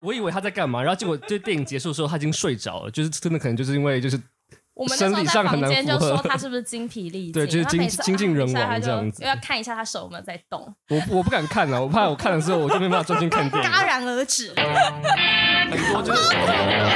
我以為他在幹嘛，然後結果這電影結束的時候，他已經睡着了，就是真的可能就是因為就是我們生理上很難符合，說他是不是精疲力盡？ 對，就是精、啊、精盡人亡、啊、這樣子。要看一下他手有沒有在動，我我不敢看啊，我怕我看的時候我就沒辦法專心看電影，戛 然而止。 很多就是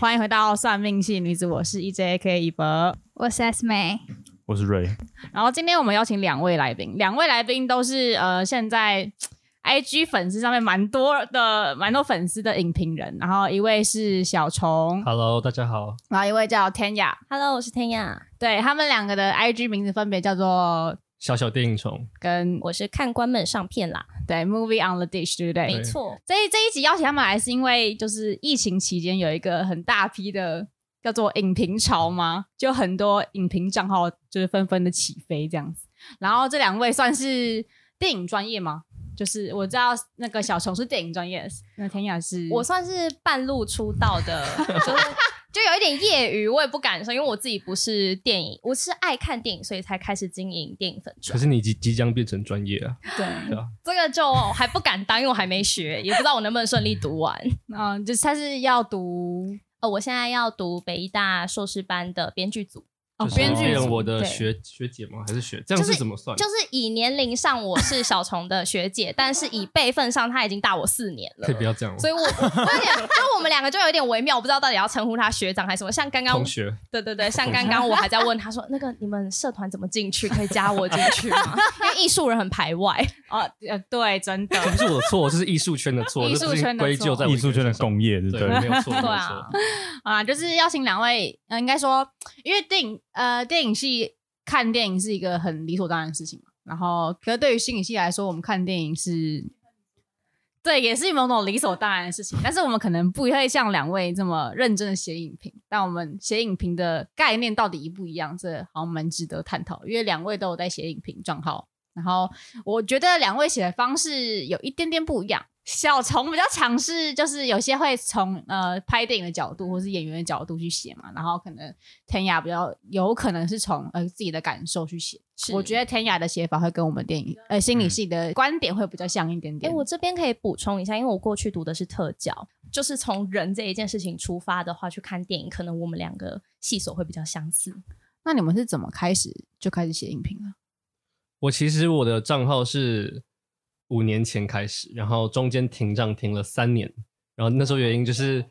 歡迎回到算命系女子，我是 EJK 一博，我是 S 美，我是 Ray。 然後今天我們邀請兩位來賓，兩位來賓都是呃現在 IG 粉絲上面蠻多的蠻多粉絲的影評人。然後一位是小蟲，Hello，大家好。然後一位叫譚雅，Hello，我是譚雅。對他們兩個的 IG 名字分別叫做。小小電影蟲，跟我是看官們上片啦，對，movie on the dish，對不對？沒錯，這這一集邀請他們來，是因為就是疫情期間有一個很大批的叫做影評潮嘛，就很多影評賬號就是紛紛的起飛這樣子。然後這兩位算是電影專業嗎？就是我知道那個小蟲是電影專業， 那譚雅是我算是半路出道的， 就是就有一點業餘，我也不敢說，因為我自己不是電影，我是愛看電影，所以才開始經營電影粉專。可是你即即將變成專業啊？對，對啊，這個就我還不敢當， 因為我還沒學，也不知道我能不能順利讀完。嗯、 呃，就是他是要讀，哦、呃、我現在要讀北藝大碩士班的編劇組。哦，就是演我，我的學、哦、學，學姐嗎？還是學這樣是怎麼算？就是、就是、以年齡上我是小蟲的學姐， 但是以輩分上她已經大我四年了。可以不要這樣。所以我，所 以而且 我們兩個就有點微妙，我不知道到底要稱呼她學長還是什麼。像剛剛同學，對對對，哦、像剛剛我還在問她說：“那個你們社團怎麼進去？可以加我進去嗎？” 因為藝術人很排外。哦、呃、對，真的。欸、不是我的錯，這是藝術圈的錯。藝 術圈的錯，藝術圈的工業，對，對沒有錯。 有對啊， 就是邀請兩位，呃、應該說約定。呃，電影系看電影是一個很理所當然的事情嘛。然後，可是對於新影系來說，我們看電影是，對，也是某種理所當然的事情。但是我們可能不會像兩位這麼認真的寫影評。但我們寫影評的概念到底一不一樣？這好像蠻值得探討。因為兩位都有在寫影評賬號，然後我覺得兩位寫的方式有一點點不一樣。小蟲比較嘗試，就是有些會從呃拍電影的角度，或是演員的角度去寫嘛，然後可能譚雅比較有可能是從呃自己的感受去寫。我覺得譚雅的寫法會跟我們電影、嗯、呃心理系的觀點會比較像一點點。誒、嗯欸，我這邊可以補充一下，因為我過去讀的是特教，就是從人這一件事情出發的話去看電影，可能我們兩個系所會比較相似。那你們是怎麼開始就開始寫影評了？我其實我的賬號是。五年前開始，然後中間停賬停了三年，然後那時候原因就是，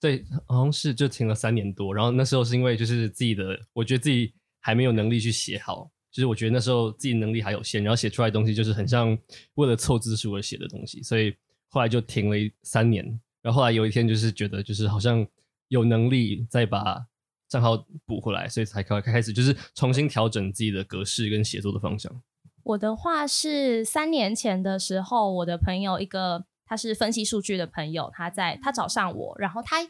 對，好像是就停了三年多。然後那時候是因為就是自己的，我覺得自己還沒有能力去寫好，就是我覺得那時候自己能力還有限，然後寫出來的東西就是很像為了湊字數而寫的東西，所以後來就停了三年。然後後來有一天就是覺得就是好像有能力再把賬號補回來，所以才開開始就是重新調整自己的格式跟寫作的方向。我的話是三年前的時候，我的朋友一個他是分析數據的朋友，他在他找上我，然後他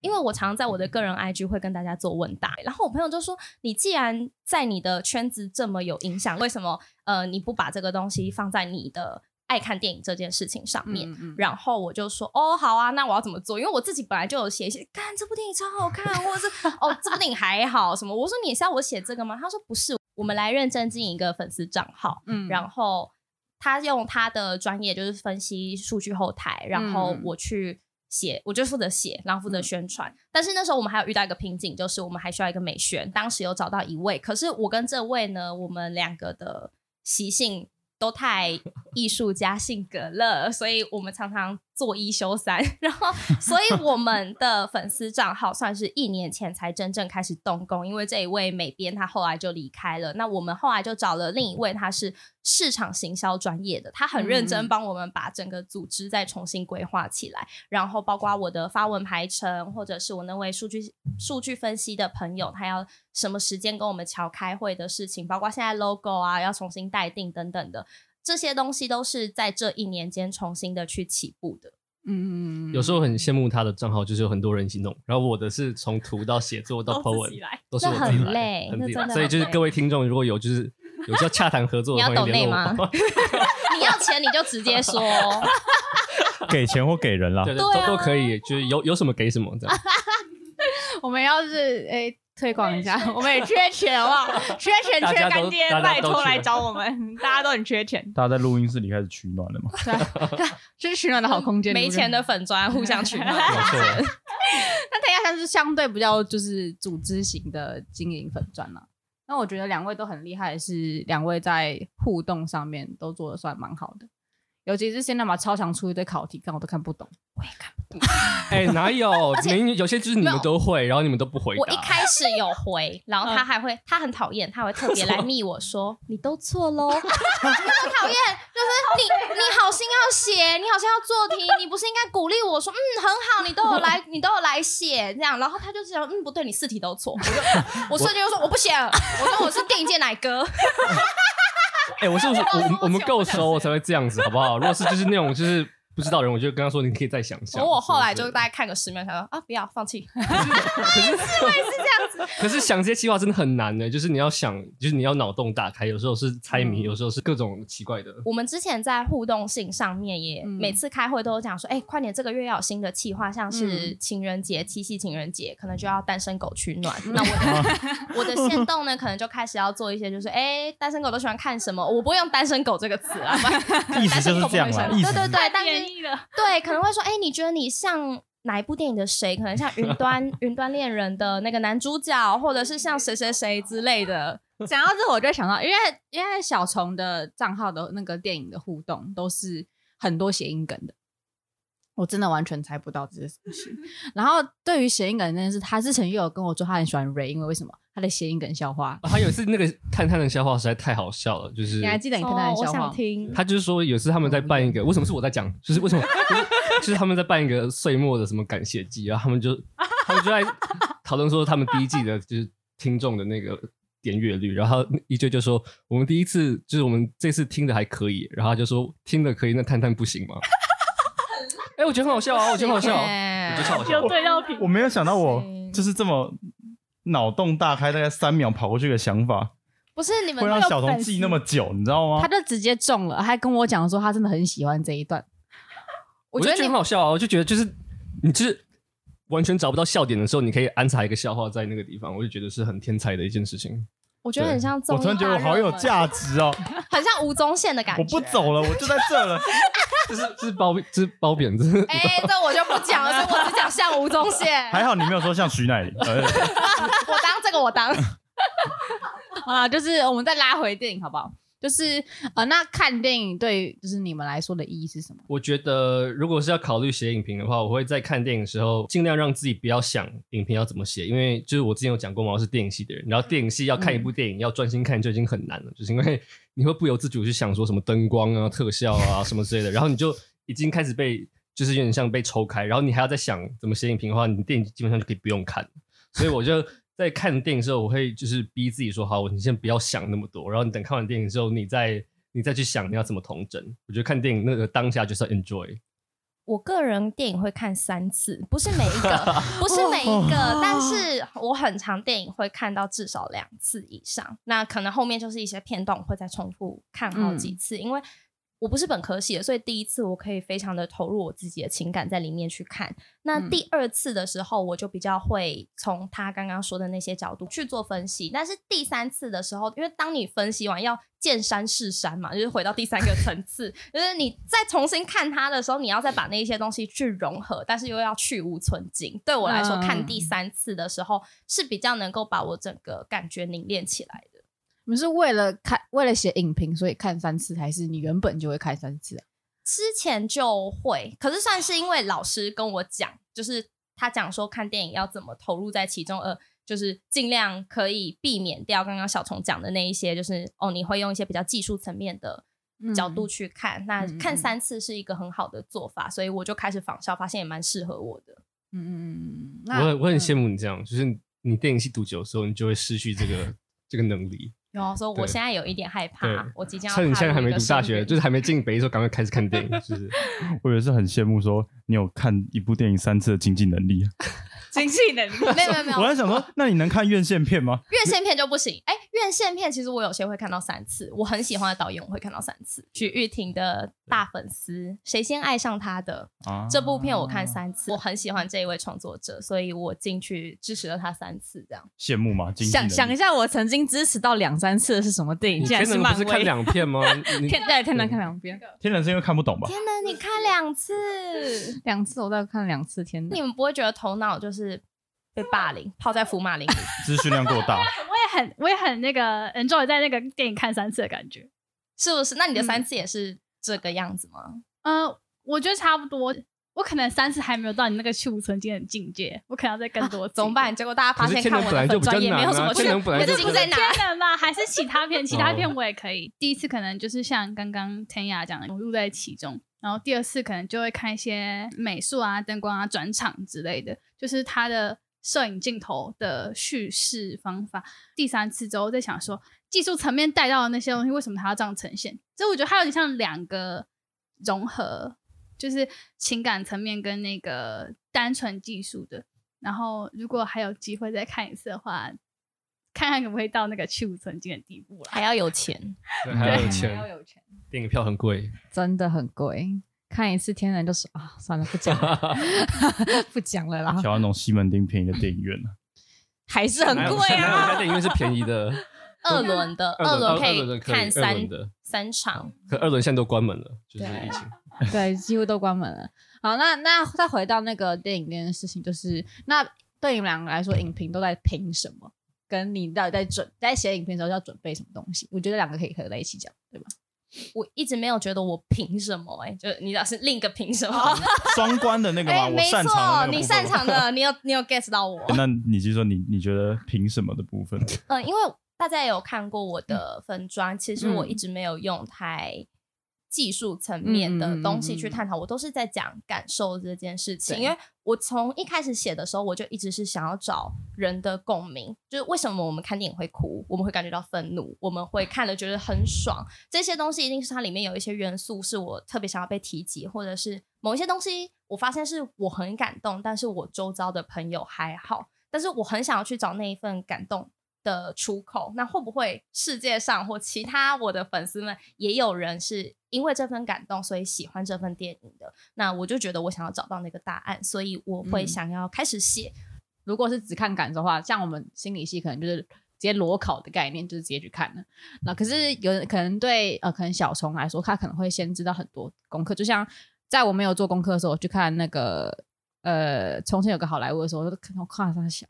因為我常在我的個人 IG 會跟大家做問答、嗯，然後我朋友就說：“你既然在你的圈子這麼有影響，為什麼呃你不把這個東西放在你的愛看電影這件事情上面、嗯嗯？”然後我就說：“哦，好啊，那我要怎麼做？因為我自己本來就有寫一些看這部電影超好看， 或者是哦這部電影還好什麼？”我說：“你也是要我寫這個嗎？”他說：“不是。”我們來認真經營一個粉絲賬號，嗯，然後他用他的專業就是分析數據後台，然後我去寫，嗯。我就負責寫，然後負責宣傳。嗯。但是那時候我們還有遇到一個瓶頸，就是我們還需要一個美宣，當時有找到一位，可是我跟這位呢，我們兩個的習性都太藝術家性格了，所以我們常常做一休三，然後所以我們的粉絲賬號算是一年前才真正開始動工，因為這一位美編他後來就離開了，那我們後來就找了另一位，他是市場行銷專業的，他很認真幫我們把整個組織再重新規劃起來，嗯、然後包括我的發文排程，或者是我那位數據數據分析的朋友，他要什麼時間跟我們喬開會的事情，包括現在 logo 啊要重新待定等等的。這些東西都是在這一年間重新的去起步的。嗯，有時候很羨慕他的賬號，就是有很多人一起弄，然後我的是從圖到寫作到 po 文都，都是我自己來。累，的累。所以就是各位聽眾如果有就是有叫洽談合作的我，的 你要抖內嗎？ 你要錢你就直接說， 給錢或給人啦，對對對啊、都都可以，就是有有什麼給什麼這樣 我們要是誒。欸推廣一下、哎，我們也缺錢，好不好？ 缺錢缺乾爹，拜託來找我們，大家都很缺錢。大家在錄音室裡開始取暖了嘛？ 對，就是取暖的好空間。沒錢的粉專互相取暖。 沒錯、啊、 那大家算是相對比較就是組織型的經營粉專了，啊。那我覺得兩位都很厲害是，是兩位在互動上面都做得算蠻好的。尤其是現在嘛，超常出一堆考題，看我都看不懂，我也看不懂。哎、欸，哪有？ 有些就是你們都會， 然後你們都不回答。我一開始有回，然後他還會， 他很討厭，他會特別來密我說你都錯嘍。他 很討厭，就是你你好心要寫，你好像要做題， 你不是應該鼓勵我說嗯很好，你都有來，你都有來寫這樣，然後他就這樣嗯不對，你四題都錯。 我我瞬間就說我不寫了， 我，我說我是電影界奶哥。 哎、 欸，我是不是 我我們夠熟，我才會這樣子，好不好？ 如果是就是那種就是。不知道人，我就跟他說：“你可以再想想。”我後來就大概看個十秒，想說：“ 啊，不要放棄。 意”可是是這樣子。可是想這些計劃真的很難的、欸，就是你要想，就是你要腦洞打開。有時候是猜謎、嗯，有時候是各種奇怪的。我們之前在互動性上面也每次開會都講說：“哎、欸，快點，這個月要有新的計劃，像是情人節、七夕情人節，可能就要單身狗取暖。嗯”那我的、啊、我的限動呢，可能就開始要做一些，就是哎、欸，單身狗都喜歡看什麼？我不會用單不“單身狗”這個詞啊，意思就是這樣。對對對，但身。對，可能會說，哎，你覺得你像哪一部電影的誰？可能像《雲端雲端戀人》的那個男主角，或者是像誰誰誰之類的。講到這，我就想到，因為因為小蟲的賬號的那個電影的互動，都是很多諧音梗的。我真的完全猜不到這些事情。然後對於諧音梗這件事，他之前又有跟我說他很喜歡瑞，因為為什麼？他的諧音梗笑話。他有一次那個探探的笑話實在太好笑了，就是你還記得你跟他的笑話？我想聽。他就是說有一次他們在辦一個，為什麼是我在講？就是為什麼？就是他們在辦一個歲末的什麼感謝祭，然後他們就他們就在討論說他們第一季的就是聽眾的那個點閱率，然後一句就說我們第一次就是我們這次聽的還可以，然後他就說聽的可以，那探探不行嗎？哎、欸，我覺得很好笑啊！我覺得很好笑，啊， 我覺得很好笑。 我，我沒有想到，我就是這麼腦洞大開，大概三秒跑過去的想法。不是你們那個小蟲記那麼久你那，你知道嗎？他就直接中了，還跟我講說他真的很喜歡這一段 我。我覺得很好笑啊！我就覺得就是你就是完全找不到笑點的時候，你可以安插一個笑話在那個地方，我就覺得是很天才的一件事情。我覺得很像中我突然覺得我好有價值哦，啊， 很像吳宗憲的感覺。 我不走了，我就在這了。 這是是褒是褒貶，哎，欸、 這我就不講了，我只講像吳宗憲，還好你沒有說像徐乃麟， 我當這個我當啊， 就是我們再拉回電影好不好？就是啊、呃，那看電影對於就是你們來說的意義是什麼？我覺得如果是要考慮寫影評的話，我會在看電影的時候盡量讓自己不要想影評要怎麼寫，因為就是我之前有講過嘛，我是電影系的人，然後電影系要看一部電影、嗯、要專心看就已經很難了，就是因為你會不由自主去想說什麼燈光啊、特效啊什麼之類的，然後你就已經開始被就是有點像被抽開，然後你還要再想怎麼寫影評的話，你電影基本上就可以不用看了。所以我就。 在看電影的時候，我會就是逼自己說：“好，你先不要想那麼多。”然後你等看完電影之後，你再你再去想你要怎麼統整。我覺得看電影那個當下就是 enjoy。我個人電影會看三次，不是每一個， 不是每一個， 但是我很常電影會看到至少兩次以上。那可能後面就是一些片段我會再重複看好幾次，嗯、因為。我不是本科系的，所以第一次我可以非常的投入我自己的情感在裡面去看。那第二次的時候，嗯、我就比較會從他剛剛說的那些角度去做分析。但是第三次的時候，因為當你分析完要見山是山嘛，就是回到第三個層次， 就是你再重新看他的時候，你要再把那些東西去融合，但是又要去蕪存菁。對我來說、嗯，看第三次的時候是比較能夠把我整個感覺凝練起來的。你是為了看、為了寫影評，所以看三次，還是你原本就會看三次啊？之前就會，可是算是因為老師跟我講，就是他講說看電影要怎麼投入在其中，呃，就是盡量可以避免掉剛剛小蟲講的那一些，就是哦，你會用一些比較技術層面的角度去看，嗯、那看三次是一個很好的做法，嗯嗯嗯、所以我就開始仿效，發現也蠻適合我的。嗯，我很我很羨慕你這樣，嗯、就是你電影系讀久的時候，你就會失去這個 這個能力。然後說，我現在有一點害怕，我即將趁，你現在還沒讀大學，就是還沒進北一的時候，趕快開始看電影。 就是、我也是很羨慕，說你有看一部電影三次的經濟能力、啊。新技能， 沒有沒有沒有，我在想說，那你能看院線片嗎？院線片就不行。哎、欸，院線片其實我有些會看到三次，我很喜歡的導演我會看到三次。徐譽庭的大粉絲，誰先愛上他的、啊、這部片，我看三次、啊，我很喜歡這一位創作者，所以我進去支持了他三次，這樣羨慕嗎？想想一下，我曾經支持到兩三次的是什麼電影？你你天能不是看兩片嗎？ 天，對，天能看兩遍，天能是因為看不懂吧？天能你看兩次，兩 次我再看兩次，天，你們不會覺得頭腦就是。是被霸凌，泡在福馬林。資訊量夠大，我也很，我也很那個 enjoy 在那個電影看三次的感覺，是不是？那你的三次也是這個樣子嗎？嗯、呃，我覺得差不多，我可能三次還沒有到你那個去蕪存菁的境界，我可能要再更多。怎麼辦？結果大家發現可本來就、啊、看我很專業，沒有什麼，就是、啊、不是，不是，不是在哪天人嗎？ 還是其他片？其他片我也可以。哦、第一次可能就是像剛剛譚雅講的，我入在其中。然後第二次可能就會看一些美術啊、燈光啊、轉場之類的，就是他的攝影鏡頭的敘事方法。第三次之後再想說，技術層面帶到的那些東西，為什麼他要這樣呈現？所以我覺得他有點像兩個融合，就是情感層面跟那個單純技術的。然後如果還有機會再看一次的話，看看可不可以到那個去蕪存菁的地步了。還要有錢， 對，還要有錢 還要有錢。電影票很貴，真的很貴。看一次《天然》就是啊、哦，算了，不講了， 不講了啦。挑那種西門町便宜的電影院，還是很貴啊。家電影院是便宜的，二 輪的，二輪、喔、可以看三三場。可二輪現在都關門了，對，就是、疫情對， 對，幾乎都關門了。好，那那再回到那個電影這件事情，就是那對你們兩個來說，影評都在評什麼？跟你到底在準在寫影評的時候要準備什麼東西？我覺得兩個可以合在一起講，對吧？我一直沒有覺得我憑什麼，、欸、什麼，哎，就你老是另一個憑什麼，雙關的那個嗎？ 欸、沒錯，你擅長的， 你有你有 get 到我？那你就是說你你覺得憑什麼的部分？嗯、 呃，因為大家也有看過我的分裝、嗯，其實我一直沒有用太。嗯技術層面的東西去探討，嗯，我都是在講感受這件事情。因為我從一開始寫的時候，我就一直是想要找人的共鳴，就是為什麼我們看電影會哭，我們會感覺到憤怒，我們會看了覺得很爽，這些東西一定是它裡面有一些元素，是我特別想要被提及，或者是某一些東西，我發現是我很感動，但是我周遭的朋友還好，但是我很想要去找那一份感動。的出口，那會不會世界上或其他我的粉絲們也有人是因為這份感動，所以喜歡這份電影的？那我就覺得我想要找到那個答案，所以我會想要開始寫。嗯，如果是只看感受的話，像我們心理系可能就是直接裸考的概念，就是直接去看了。那可是有可能對呃可能小蟲來說，他可能會先知道很多功課。就像在我沒有做功課的時候，去看那個。呃，從前有個好萊塢的時候，我都看，我看三小，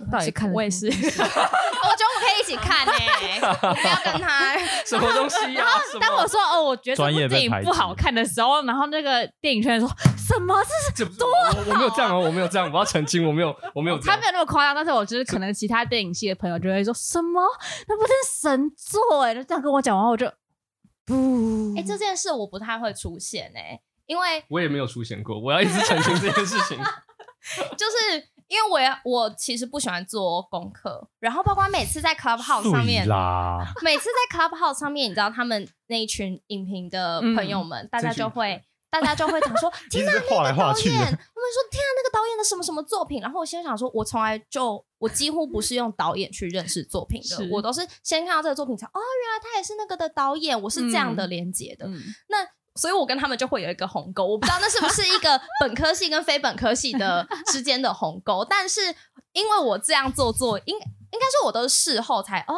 我到底看，我也是， 我覺得我們可以一起看呢、欸，不 要跟他什麼東西、啊然麼。然後當我說哦，我覺得這電影不好看的時候，然後那個電影圈說什麼，這是多、啊？我沒有這樣哦，我沒有這樣，我，沒有這樣我，我要澄清，我沒有，我沒有這樣。 他沒有那麼誇張，但是我就是可能其他電影系的朋友就會說什麼，那不是神作哎、欸，就這樣跟我講完我就不哎、欸、這件事我不太會出現哎、欸。因為我也沒有出現過，我要一直澄清這件事情。 就是因為我要，我其實不喜歡做功課。然後包括每次在 Clubhouse 上面，每次在 Clubhouse 上面， 你知道他們那一群影評的朋友們，嗯、大家就會，大家就會講說：“ 天啊，那個導演。”他們說：“天啊，那個導演的什麼什麼作品？”然後我先想說，我從來就我幾乎不是用導演去認識作品的，我都是先看到這個作品才哦，原來他也是那個的導演，我是這樣的連接的。嗯嗯、那。所以我跟他們就會有一個鴻溝，我不知道那是不是一個本科系跟非本科系的之間的鴻溝， 但是因為我這樣做做，應應該是我都是事後才哦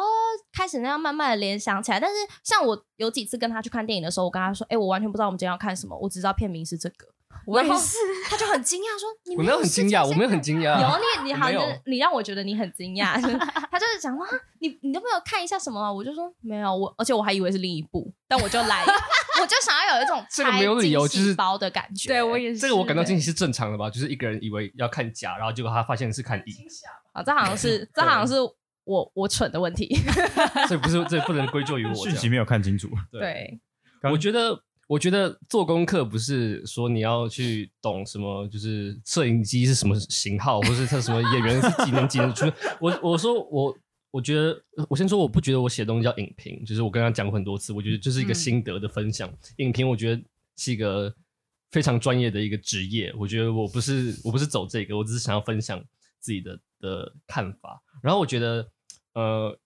開始那樣慢慢的聯想起來，但是像我有幾次跟他去看電影的時候，我跟他說，哎、欸，我完全不知道我們今天要看什麼，我只知道片名是這個。我也是然後他就很驚訝說：“我沒有很驚訝，我沒有很驚訝。 沒有”有你，你好像你讓我覺得你很驚訝。他就是講哇，你你都沒有看一下什麼、啊？我就說沒有，我而且我還以為是另一部，但我就來，我就想要有一種這個沒有理由，就是拆驚喜包的感覺。對我也是，這個我感到驚喜是正常的吧？就是一個人以為要看甲，然後結果他發現是看乙、e、啊，這好像是這好像是我我蠢的問題，所以不是這不能歸咎於我。自己，沒有看清楚，對，我覺得。我覺得做功課不是說你要去懂什麼，就是攝影機是什麼型號， 或是他什麼演員是幾年級的出。 我我說我我覺得我先說，我不覺得我寫東西叫影評，就是我跟他講過很多次，我覺得這是一個心得的分享。嗯。影評我覺得是一個非常專業的一個職業，我覺得我不是我不是走這個，我只是想要分享自己的的看法。然後我覺得呃。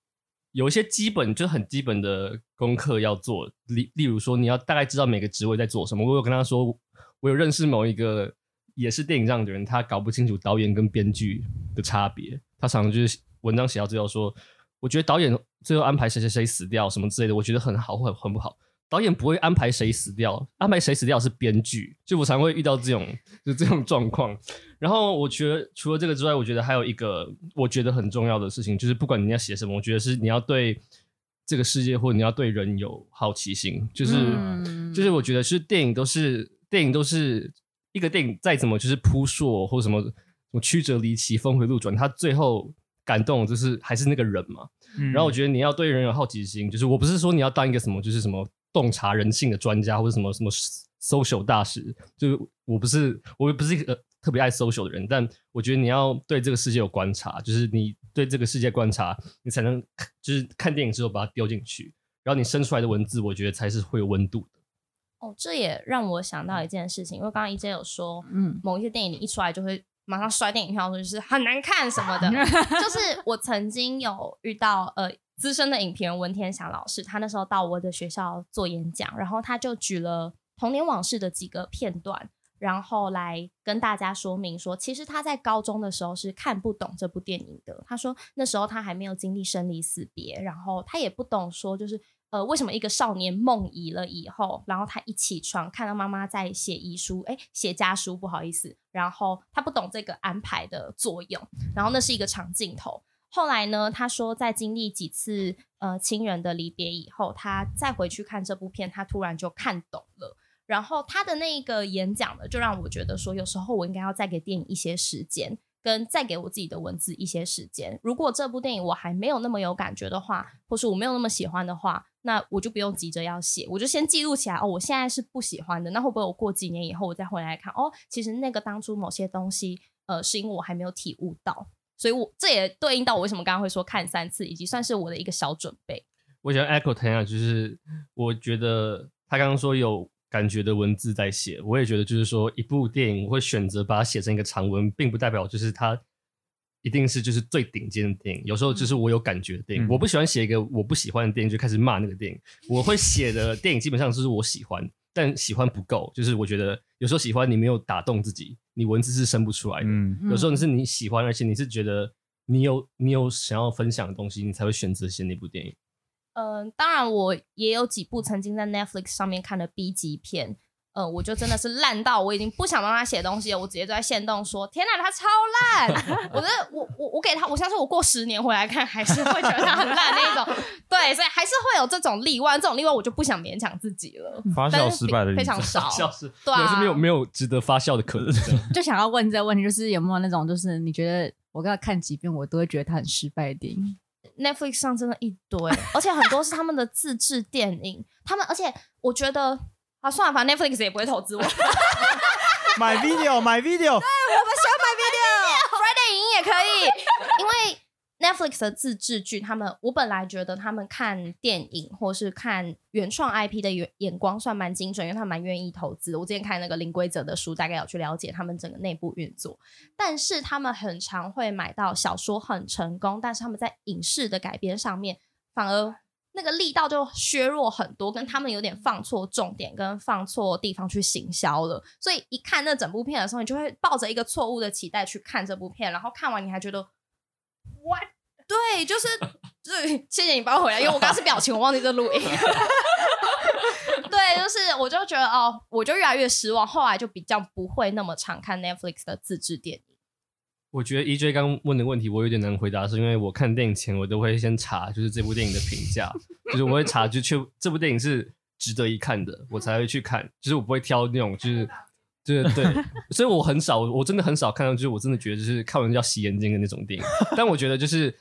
有一些基本就很基本的功課要做，例例如說，你要大概知道每個職位在做什麼。我有跟他說，我有認識某一個也是電影上的人，他搞不清楚導演跟編劇的差別，他常常就是文章寫到最後說，我覺得導演最後安排誰誰誰死掉什麼之類的，我覺得很好或很不好。導演不會安排誰死掉，安排誰死掉是編劇。就我常會遇到這種，就這種狀況。然後我覺得，除了這個之外，我覺得還有一個我覺得很重要的事情，就是不管你要寫什麼，我覺得是你要對這個世界或者你要對人有好奇心。就是，嗯、就是我覺得是電影都是電影都是一個電影再怎麼就是撲朔或什麼什麼曲折離奇、峰回路轉，它最後感動就是還是那個人嘛、嗯。然後我覺得你要對人有好奇心，就是我不是說你要當一個什麼，就是什麼。洞察人性的專家或者什麼什麼 social 大使，就是我不是我也不是一個特別愛 social 的人，但我覺得你要對這個世界有觀察，就是你對這個世界觀察，你才能就是看電影之後把它丟進去，然後你生出來的文字，我覺得才是會有溫度的。哦，這也讓我想到一件事情，嗯、因為剛剛 EJ 有說，嗯，某一些電影你一出來就會馬上摔電影票，說就是很難看什麼的， 就是我曾經有遇到呃。資深的影評人聞天祥老師，他那時候到我的學校做演講，然後他就舉了童年往事的幾個片段，然後來跟大家說明說，其實他在高中的時候是看不懂這部電影的。他說那時候他還沒有經歷生離死別，然後他也不懂說，就是呃為什麼一個少年夢遺了以後，然後他一起床看到媽媽在寫遺書，哎、欸、寫家書不好意思，然後他不懂這個安排的作用，然後那是一個長鏡頭。後來呢，他說，在經歷幾次呃親人的離別以後，他再回去看這部片，他突然就看懂了。然後他的那個演講呢，就讓我覺得說，有時候我應該要再給電影一些時間，跟再給我自己的文字一些時間。如果這部電影我還沒有那麼有感覺的話，或是我沒有那麼喜歡的話，那我就不用急着要寫，我就先記錄起來。哦，我現在是不喜歡的，那會不會我過幾年以後我再回來看？哦，其實那個當初某些東西，呃，是因為我還沒有體悟到。所以我，我這也對應到我為什麼剛剛會說看三次，以及算是我的一個小準備。我喜歡 Echo 譚雅啊，就是我覺得他剛剛說有感覺的文字在寫，我也覺得就是說一部電影，我會選擇把它寫成一個長文，並不代表就是它一定是就是最頂尖的電影。有時候就是我有感覺的電影，嗯、我不喜歡寫一個我不喜歡的電影就開始罵那個電影。我會寫的電影基本上就是我喜歡。但喜歡不夠，就是我覺得有時候喜歡你沒有打動自己，你文字是生不出來的。嗯，有時候是你喜歡，而且你是覺得你有你有想要分享的東西，你才會選擇寫那部電影。嗯，當然我也有幾部曾經在 Netflix 上面看的 B 級片。嗯、我就真的是爛到我已經不想讓他寫東西了。我直接就在限動說：“天哪，他超爛 ！”我覺得我我我給他，我相信我過十年回來看還是會覺得他很爛那種。 對，所以還是會有這種例外。這種例外我就不想勉強自己了。發酵失敗的非常少，對、啊，是沒有沒有值得發酵的可能。就想要問這個問題，就是有沒有那種，就是你覺得我給他看幾遍，我都會覺得他很失敗的電影？Netflix 上真的一堆，而且很多是他們的自制電影。 他們，而且我覺得。好、啊，算了吧。Netflix 也不會投資我。買 video，買 video。對，我們想買 video。Friday 影音也可以， 因為 Netflix 的自製劇，他們我本來覺得他們看電影或是看原創 IP 的眼眼光算蠻精準，因為他們蠻願意投資。我之前看那個《零規則》的書，大概有去了解他們整個內部運作。但是他們很常會買到小說很成功，但是他們在影視的改編上面反而。那個力道就削弱很多，跟他們有點放錯重點，跟放錯地方去行銷了。所以一看那整部片的時候，你就會抱着一個錯誤的期待去看這部片，然後看完你還覺得，What？對，就是，就是謝謝你幫我回來，因為我剛是表情，我忘記在錄音。 對，就是我就覺得哦，我就越來越失望，後來就比較不會那麼常看 Netflix 的自制電影。我覺得 EJ 剛剛問的問題我有點難回答，是因為我看電影前我都會先查，就是這部電影的評價，就是我會查，就確這部電影是值得一看的，我才會去看。就是我不會挑那種，就是就是對，所以我很少，我真的很少看到，就是我真的覺得就是看完要洗眼睛的那種電影。但我覺得就是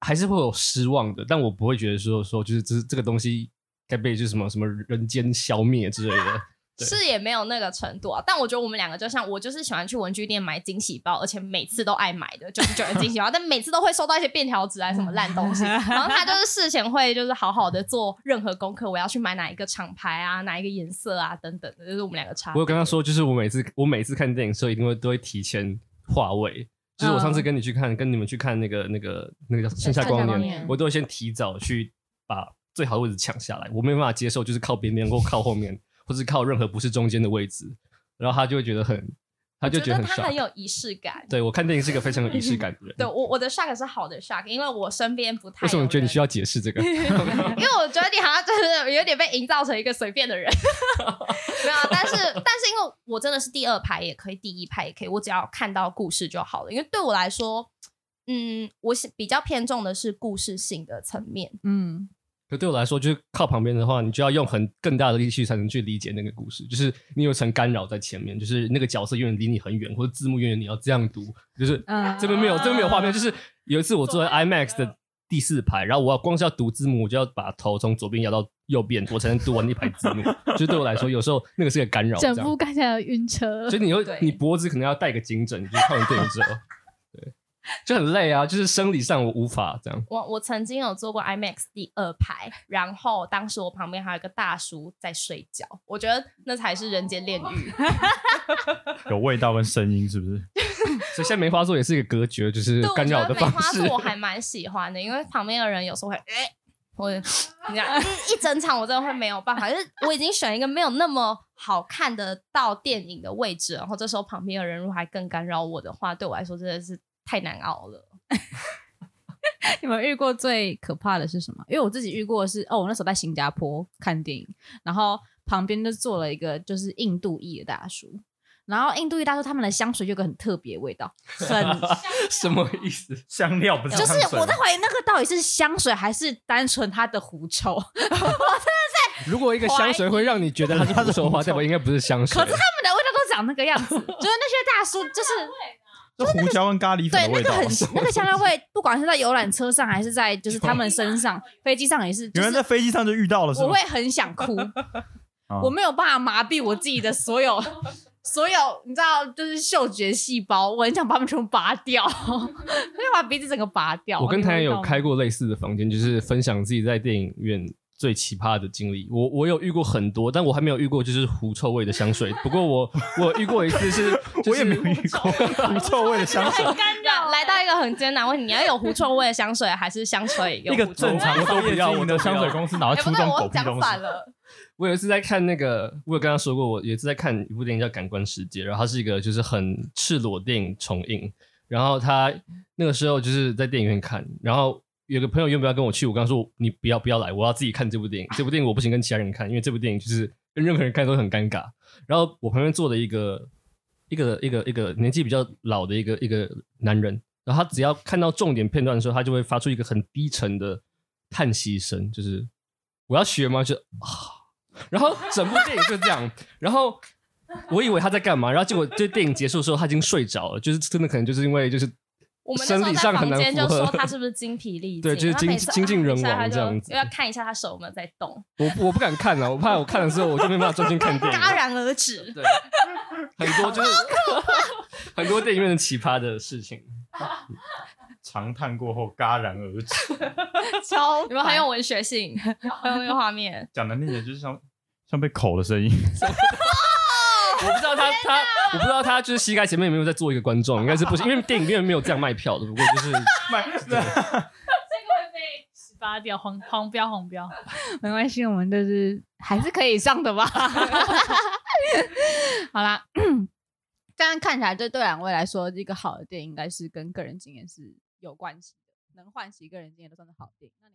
還是會有失望的，但我不會覺得說說就是這這個東西該被就什麼什麼人間消滅之類的。是也沒有那個程度啊，但我覺得我們兩個就像我就是喜歡去文具店買驚喜包，而且每次都愛買的九十九元驚喜包， 但每次都會收到一些便條紙啊什麼爛東西。 然後他就是事前會就是好好的做任何功課，我要去買哪一個廠牌啊，哪一個顏色啊等等的，就是我們兩個差不多。我跟他說，就是我每次我每次看電影的時候，一定會都會提前劃位，就是我上次跟你去看、嗯、跟你們去看那個那個那個叫《盛夏光年》，我都會先提早去把最好的位置搶下來，我沒辦法接受就是靠邊邊或靠後面。 不是靠任何，不是中間的位置，然後他就會覺得很，他就會覺得很，覺得他很有儀式感，對我看電影是一個非常有儀式感的人。 對我我的 shock 是好的 shock，因為我身邊不太。為什麼你覺得你需要解釋這個？ 因為我覺得你好像真的有點被營造成一個隨便的人。 沒有啊，但是但是因為我真的是第二排也可以，第一排也可以，我只要看到故事就好了。因為對我來說，嗯，我比較偏重的是故事性的層面，嗯。可對我來說，就是、靠旁邊的話，你就要用很更大的力氣才能去理解那個故事。就是你有層干擾在前面，就是那個角色永遠離你很遠，或者字幕永遠你要這樣讀，就是、呃、這邊沒有、呃，這邊沒有畫面。就是有一次我坐在 IMAX 的第四排，然後我要光是要讀字幕，我就要把頭從左邊搖到右邊，我才能讀完一排字幕。 就是對我來說，有時候那個是個干擾，整部看起來要暈車。所以你會，你脖子可能要戴個頸枕，就是、看你就靠對電影後。 就很累啊，就是生理上我無法這樣。我我曾經有坐過 IMAX 第二排，然後當時我旁邊還有一個大叔在睡覺，我覺得那才是人間煉獄。 有味道跟聲音是不是？ 所以現在梅花座也是一個隔絕，就是干擾的方式。 我梅花座我還蠻喜歡的，因為旁邊的人有時候會誒， 我你看一一整場我真的會沒有辦法。 就是我已經選一個沒有那麼好看的到電影的位置，然後這時候旁邊的人如果還更干擾我的話，對我來說真的是。太難熬了。 你們遇過最可怕的是什麼？因為我自己遇過的是哦，我那時候在新加坡看電影，然後旁邊就坐了一個就是印度裔的大叔，然後印度裔大叔他們的香水就有個很特別味道，很 什麼意思？香料不知道，就是我在懷疑那個到底是香水還是單純他的狐臭。我真的如果一個香水會讓你覺得它， 覺得它， 它是狐，我應該不是香水。可是他們的味道都長那個樣子， 就是那些大叔就是。那個香跟咖喱粉味道，那個。對，那個很，那個香料味，不管是在遊覽車上，還是在就是他們身上， 飛機上也是。有人在飛機上就遇到了。我會很想哭、 啊，我沒有辦法麻痹我自己的所有，所有，你知道，就是嗅覺細胞，我很想把它們全部拔掉，我 想把鼻子整個拔掉，啊。我跟唐友有開過類似的房間，就是分享自己在電影院。最奇葩的經歷，我我有遇過很多，但我還沒有遇過就是狐臭味的香水。不過我我遇過一次是、就是， 我也沒有遇過狐 臭味的香水。 很尷尬， 來到一個很艱難問題，你要有狐臭味的香水還是香水有狐臭？一個正常 都業要。經營的香水公司哪會 出這種狗屁東西、欸我？我有一次在看那個，我有剛剛說過，我有一次在看一部電影叫《感官世界》，然後它是一個就是很赤裸電影重映，然後他那個時候就是在電影院看，然後。有個朋友願不願意跟我去？我剛說，你不要不要來，我要自己看這部電影。這部電影我不行跟其他人看，因為這部電影就是跟任何人看都很尷尬。然後我旁邊坐了一個一個一個一個年紀比較老的一個一個男人，然後他只要看到重點片段的時候，他就會發出一個很低沉的嘆息聲，就是我要學嗎？就啊。然後整部電影就這樣。然後我以為他在幹嘛，然後結果這電影結束的時候他已經睡着了，就是真的可能就是因為就是。我生理上很難符合，他是不是精疲力盡？ 對，就是精精盡人亡這樣子。要看一下他手有沒有在動？我我不敢看了、啊，我怕我看的時候我就沒辦法專心看電影戛然而止。 對，很多就是， 很多電影院的奇葩的事情。長 嘆 過後，戛然而止。 超，你們很有文學性，很有、啊、還有，有畫那個畫面講的聽起來就是像像被口的聲音。 我不知道他他，我不知道他就是膝蓋前面有沒有在做一個觀眾，應該是不行，因為電影院沒有這樣賣票的，不過就是賣 這個會被發掉，黃黃標紅標，沒關係，我們就是還是可以上的吧。 好啦，這樣看起來，這對兩位來說，一個好的電影應該是跟個人經驗是有關係的，能喚起個人經驗都算是好的電影。那你